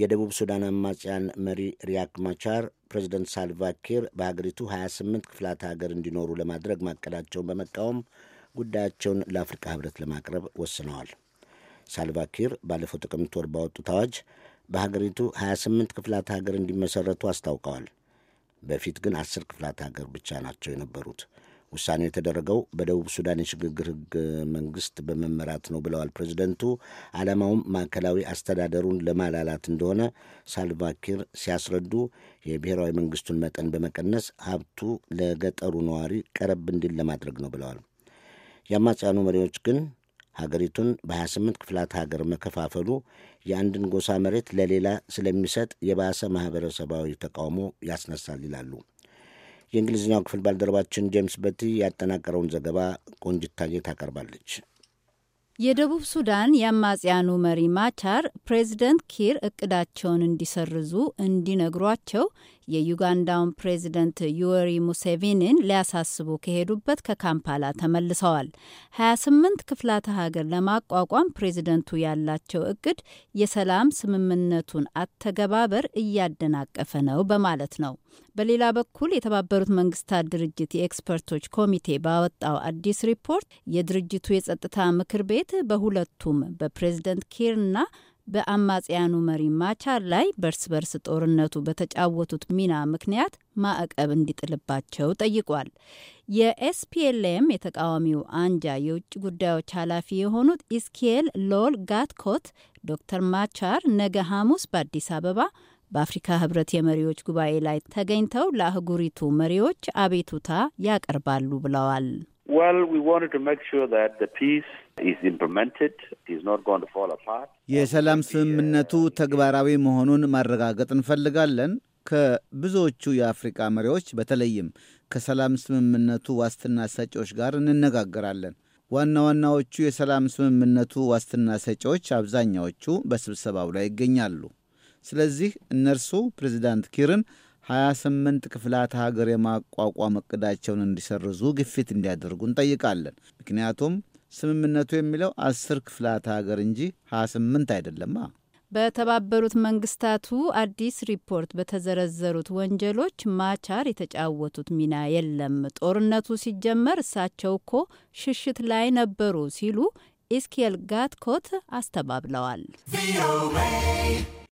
የደቡብ ሱዳን አማጽያን መሪ ሪያክ ማቻር ፕሬዚደንት ሳልቫኪር በሀገሪቱ 28 ክፍላት ሀገር እንዲኖሩ ለማድረግ ማቀዳቸውን በመቃወም ጉዳያቸውን ለአፍሪካ ህብረት ለማቅረብ ወስነዋል። ሳልቫኪር ባለፈው ጥቅምት ወር ባወጡት አዋጅ በሀገሪቱ 28 ክፍላት ሀገር እንዲመሠረቱ አስታውቀዋል። በፊት ግን አስር ክፍላት ሀገር ብቻ ናቸው የነበሩት። ውሳኔው የተደረገው በደቡብ ሱዳን የሽግግር ህገ መንግስት በመመራት ነው ብለዋል ፕሬዚደንቱ። ዓላማውም ማዕከላዊ አስተዳደሩን ለማላላት እንደሆነ ሳልቫኪር ሲያስረዱ የብሔራዊ መንግስቱን መጠን በመቀነስ ሀብቱ ለገጠሩ ነዋሪ ቀረብ እንዲል ለማድረግ ነው ብለዋል። የአማጽያኑ መሪዎች ግን ሀገሪቱን በ28 ክፍላት ሀገር መከፋፈሉ የአንድን ጎሳ መሬት ለሌላ ስለሚሰጥ የባሰ ማኅበረሰባዊ ተቃውሞ ያስነሳል ይላሉ። የእንግሊዝኛው ክፍል ባልደረባችን ጄምስ በቲ ያጠናቀረውን ዘገባ ቆንጅታየ ታቀርባለች። የደቡብ ሱዳን የአማጽያኑ መሪ ማቻር ፕሬዚደንት ኪር እቅዳቸውን እንዲሰርዙ እንዲነግሯቸው የዩጋንዳውን ፕሬዚደንት ዩወሪ ሙሴቪኒን ሊያሳስቡ ከሄዱበት ከካምፓላ ተመልሰዋል። 28 ክፍላተ ሀገር ለማቋቋም ፕሬዚደንቱ ያላቸው እቅድ የሰላም ስምምነቱን አተገባበር እያደናቀፈ ነው በማለት ነው። በሌላ በኩል የተባበሩት መንግስታት ድርጅት የኤክስፐርቶች ኮሚቴ ባወጣው አዲስ ሪፖርት የድርጅቱ የጸጥታ ምክር ቤት በሁለቱም በፕሬዝደንት ኪርና በአማጽያኑ መሪ ማቻር ላይ በርስ በርስ ጦርነቱ በተጫወቱት ሚና ምክንያት ማዕቀብ እንዲጥልባቸው ጠይቋል። የኤስፒኤልኤም የተቃዋሚው አንጃ የውጭ ጉዳዮች ኃላፊ የሆኑት ኢስኬል ሎል ጋትኮት ዶክተር ማቻር ነገ ሐሙስ በአዲስ አበባ በአፍሪካ ህብረት የመሪዎች ጉባኤ ላይ ተገኝተው ለአህጉሪቱ መሪዎች አቤቱታ ያቀርባሉ ብለዋል። የሰላም ስምምነቱ ተግባራዊ መሆኑን ማረጋገጥ እንፈልጋለን። ከብዙዎቹ የአፍሪካ መሪዎች በተለይም ከሰላም ስምምነቱ ዋስትና ሰጪዎች ጋር እንነጋገራለን። ዋና ዋናዎቹ የሰላም ስምምነቱ ዋስትና ሰጪዎች አብዛኛዎቹ በስብሰባው ላይ ይገኛሉ። ስለዚህ እነርሱ ፕሬዚዳንት ኪርን 28 ክፍላት ሀገር የማቋቋም እቅዳቸውን እንዲሰርዙ ግፊት እንዲያደርጉ እንጠይቃለን። ምክንያቱም ስምምነቱ የሚለው 10 ክፍላት ሀገር እንጂ 28 አይደለማ። በተባበሩት መንግስታቱ አዲስ ሪፖርት በተዘረዘሩት ወንጀሎች ማቻር የተጫወቱት ሚና የለም። ጦርነቱ ሲጀመር እሳቸው እኮ ሽሽት ላይ ነበሩ ሲሉ ኢስኬል ጋትኮት አስተባብለዋል።